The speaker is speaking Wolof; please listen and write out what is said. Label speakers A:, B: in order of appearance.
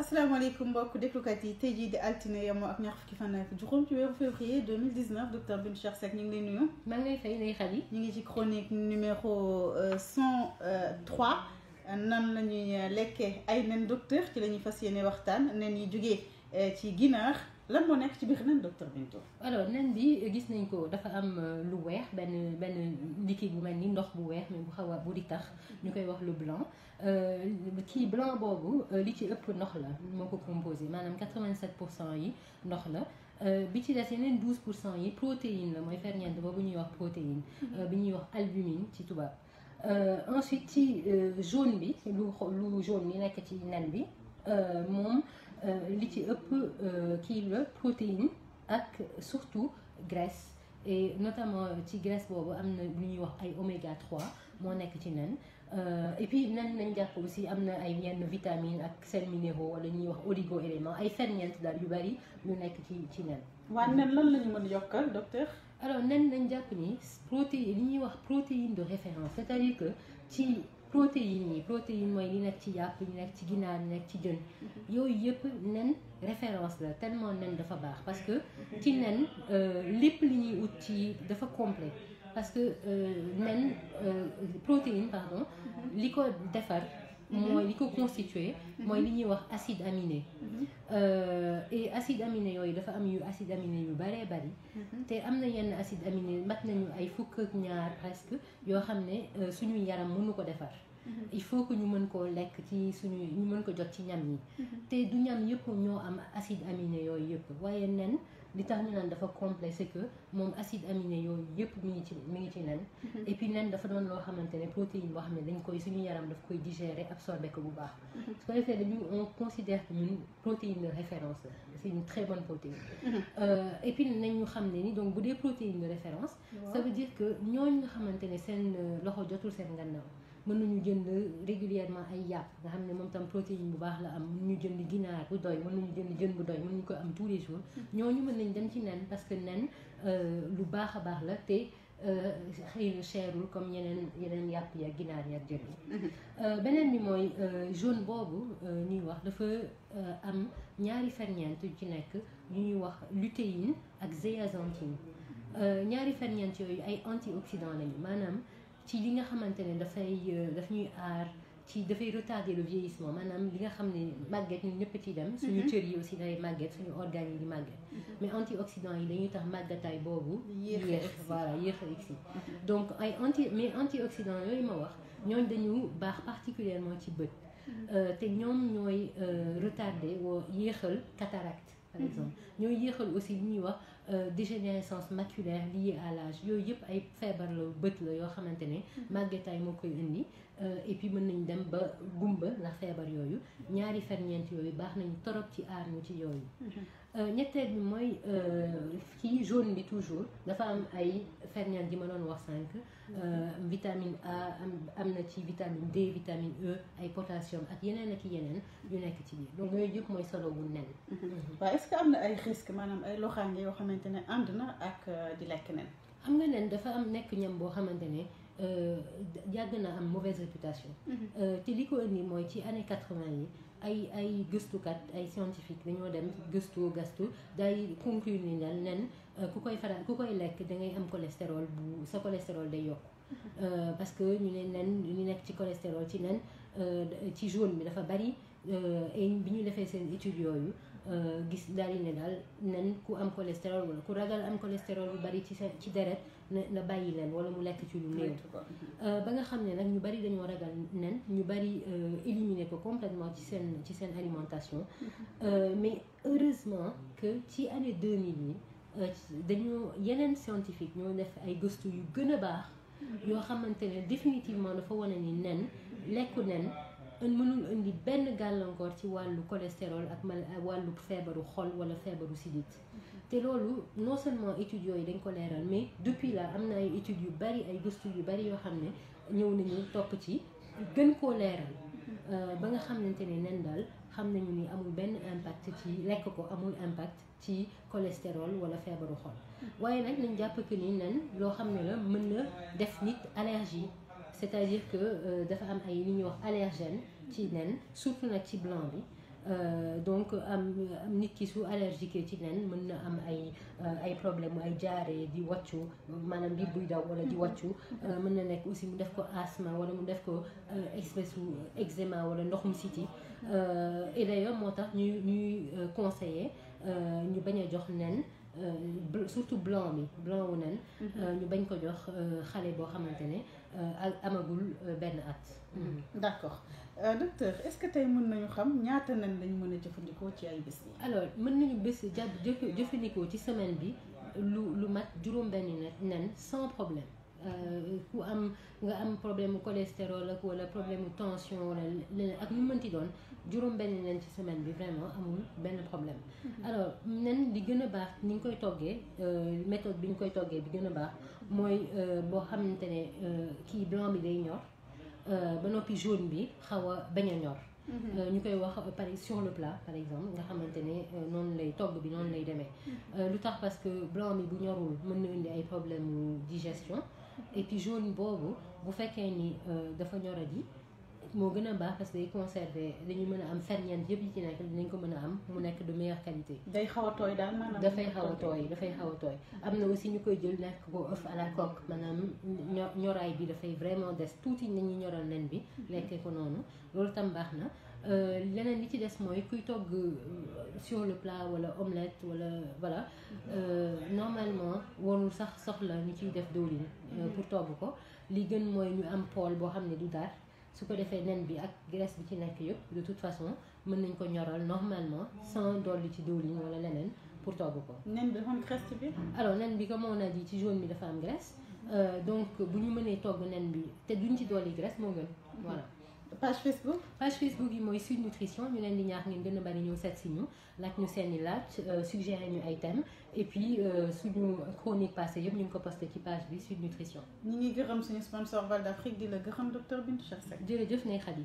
A: asalaamaaleykum mbokk déglukat yi tey jii di altine yemoo ak ñaar fukki fan ak juróom ci weeru février 2019 docteur Binetou Cheikh Seck ñu ngi lay nuyu. maa ngi lay fay Ndeye Khady. ñu ngi ci chronique numéro 103 euh, euh, nan la ñuy euh, lekkee ay nen docteur ci la ñuy fas yéene waxtaan nen yi jógee ci ginaar. lan moo nekk ci biir nen docteur Bintou. alors nen bi gis nañ ko dafa am euh, lu weex benn benn liquide bu mel ni ndox bu weex mais bu xaw a bu di tax ñu koy wax lu blanc euh, kii blanc boobu euh, li ci ëpp ndox la moo ko composé maanaam 87 pour cent yi ndox la. bi ci des yeneen 12 pour cent yi protéine la mooy ferñeent boobu ñuy wax protéine mm-hmm. bi ñuy wax albumine ci tubaab ensuite ci jaune bi lu lu jaune yi nekk ci nen bi moom. Euh, li ci ëpp euh, kii la protéine ak surtout graisse et notamment euh, ci graisse boobu am na lu ñuy wax ay oméga 3 moo nekk ci nen et puis nen nañ jàpp aussi am na ay yenn vitamines ak sels minéraux wala ñuy wax oligo éléments ay ferñeent daal yu bari yu nekk ci ci nen. waaw nen lan la ñu mën yokkal docteur. nen nañ jàpp ni protéine li ñuy wax protéine de référence c'est-à-dire ci. protéines yi protéines mooy li nekk ci yàpp yi nekk ci ginaar yi nekk ci jën mhm. yooyu yëpp nen référence la tellement nen dafa baax parce que ci nen euh, lépp li ñuy wut ci dafa complet parce que euh, nen euh, protéine pardon mhm. li ko defar Mm-hmm. mooy li ko constitué mm-hmm. mooy li ñuy wax acide aminé mm-hmm. euh, et acide aminé yooyu dafa am yu acide aminé yu bëree bari te am na yenn acide aminé mat nañu ay fukk ak ñaar presque yoo xam ne euh, suñu yaram mënu ko defar Mm-hmm. il faut que ñu mën koo lekk ci suñu mën ko jot ci ñam yi mm-hmm. te du ñam yëpp ñoo am acide aminé yooyu yëpp waaye nen li tax ñu naan dafa complet c'est que moom acide aminé yooyu yëpp mi ngi ci mi ngi ci nen mm-hmm. et puis nen dafa doon loo xamante ne protéine boo xam ne dañ koy suñu yaram daf koy digérer absorber ko bu baax su ko defee dañu on considère que ñun protéine de référence la c'est une très bonne protéine euh, et nañu xam ne ni donc bu dee protéine de référence ça veut dire que ñooñu nga xamante ne seen euh, loxo jotul seen ngannaaw mën nañu jënd régulièrement ay yàpp nga xam ne moom tam protéine bu baax la am mën ñu jënd ginaar bu doy mën nañu jënd jën bu doy mën nañu ko am tous les jours hmm. ñu mën nañ dem ci nen parce que nen euh, lu baax a baax la te euh, xëy na cherul comme yeneen yeneen yàpp ya ginaar ya jën hmm. euh, beneen bi mooy jaune boobu ñuy wax dafa am ñaari ferñeent yu ci nekk yu ñuy wax lutéine ak zéaxanthine ñaari ferñeent yooyu ay antioxydant lañu maanaam ci li nga xamante ne dafay euh, daf ñuy aar ci dafay retarder le vieillissement maanaam li nga xam ne màgget ñun ñëpp ci dem suñu mhm. cër yi aussi day màgget suñu organes yi di màgget mhm. mais antioxydants yi dañuy tax màggataay boobu yéex voilà yéex a egsi mhm. donc ay anti mais antioxydants yooyu ma wax ñooñ dañu baax particulièrement ci bët euh, te ñoom ñooy euh, retarder woo yéexal cataracte par exemple ñooy yéexal aussi li ñuy wax Euh, dégénérescence maculaire liée à lage yooyu yëpp ay feebar la bët la yoo xamante ne mhm. màggetaay moo koy indi euh, et puis mën nañ dem ba gumba ndax feebar yooyu ñaari ferñeent yooyu baax nañu torop ci aar ñu ci yooyu mhm. Euh, ñetteel bi mooy kii euh, jaune bi toujours dafa am ay ferñeent yi ma doon wax sànq euh, vitamine A am na ci vitamine D vitamine E ay potassium ak yeneen ak yeneen yu nekk ci biir donc yooyu yëpp mooy solo wu nen. Mhm. waaw est-ce que am na ay risques maanaam ay loxaange yoo xamante ne ànd na ak di lekk nen. xam nga nen dafa am nekk ñam boo xamante ne. yàgg na am mauvaise réputation. Mhm. te li ko indi mooy ci année quatre-vingt yi. ay ay gëstukat ay scientifique dañoo dem gëstu gëstu day conclure ni nel nen euh, ku koy faral ku koy lekk da ngay am cholestérol bu sa cholestérol day yokk mhm. euh, parce que ñu ne nen ñu nekk ci cholestérol ci nen euh, ci jaune bi dafa bari et bi ñu defee seen étude yooyu Eh, gis daal di ne daal nen ku am cholestérol wala ku ragal am cholestérol bu bari ci sa ci deret na bàyyi leen wala mu lekk ci lu néew eh, ba nga xam ne nag ñu bari dañoo ragal nen ñu bari eh, éliminer ko complètement ci seen ci seen alimentation mm-hmm. mais heureusement que ci année 2000 yi dañoo yeneen scientifique ñoo def ay gëstu yu gën a baax mm-hmm. yoo xamante ne définitivement dafa wane ni nen lekku nen mënul indi benn gàllankoor ci wàllu cholestérol ak mal wàllu feebaru xol wala feebaru sidit mhm. te loolu non seulement études yooyu dañ ko leeral mais depuis la am na ay études yu bari ay gëstu yu bari yoo xam ne ñëw nañu topp ci gën koo leeral mhm. euh, ba nga xamante ne nen daal xam nañu ni amul benn impact ci lekk ko amul impact ci cholestérol wala feebaru xol mhm. waaye nag nañ jàpp que ni nen loo xam ne la mën na def nit allergie c'est-à-dire que euh, dafa am ay li ñuy wax allergène ci nen surtout nag ci blanc bi euh, donc am nit ki su allergique ci nen mën na am ay euh, ay problème ay jaare di wàccu maanaam biir buy daw wala di wàccu mën na nekk aussi mu def ko asthme wala mu def ko espèce u eczéma wala ndoxum siti et d'ailleurs moo tax ñuy ñuy conseiller ñu bañ a jox nen Euh, surtout blanc bi blanc wu nen mhm. euh, ñu bañ ko jox euh, xale boo xamante ne amagul benn at mhm. Mhm. d'accord Euh, docteur est-ce que tey mën nañu xam ñaata nen lañ mën a jëfandikoo ci ay bés yi alors mën nañu bés jàpp jëfandikoo ci semaine bi lu lu mat juróom benn nen sans problème Euh, ku am nga am problème mu cholestérol ak wala problème mu tension wala leneen ak lu mënti doon juróom benn leen ci semaine bi vraiment amul benn problème mhm. alors nen di gën a baax ni ñu koy toggee euh, méthode bi ñu koy toggee bi gën a baax mooy euh, boo xamante ne kii blanc bi day ñor ba noppi jaune bi xaw a bañ a ñor mhm. ñu koy wax par sur le plat par exemple nga xamante ne noonu lay togg bi noonu lay demee mhm. lu tax parce que blanc bi bu ñorul mën na indi ay problème digestion et puis jaune boobu bu fekkee ni euh, dafa ñoradi moo gën a baax parce que day conserver dañu mën a am ferñeent yëpp yi ci nekk dinañ ko mën a am mu nekk de meilleure qualité. day xaw tooy daal dafay xaw a tooy dafay xaw a tooy. am na aussi ñu koy jël nekk ko œuf à la coque maanaam ñoraay bi dafay vraiment des tuuti nañu ñoral nen bi. lekkee ko noonu loolu tam baax na. Euh, leneen bi ci des mooy kuy togg euh, sur le plat wala omelette wala voilà euh, normalement warul sax soxla ñu ciy def diwlin pour togg ko li gën mooy ñu am pool boo xam ne du dar su ko defee nen bi ak graisse bi ci nekk yëpp de toute façon mën nañ ko ñoral normalement sans dolli ci diwlin wala leneen pour togg ko. nen bi bi. alors nen bi comme ci jaune bi dafa am graisse donc bu ñu mënee togg nen bi te duñ ci dool yi graisse moo gën voilà. page Facebook. page Facebook yi mooy Sud Nutrition ñu leen di ñaar ngeen gën a bari ñëw seet si ñu laaj ñu seen i laaj euh, suggéré ñu ay thèmes et puis euh, suñu chronique passée yëpp ñu ngi ko posté ci page bi Sud Nutrition. ñu ngi gërëm suñu sponsor Val d'Afrique di la gërëm docteur Bintou Cheikh Seck. jërëjëf Ndeye Khady.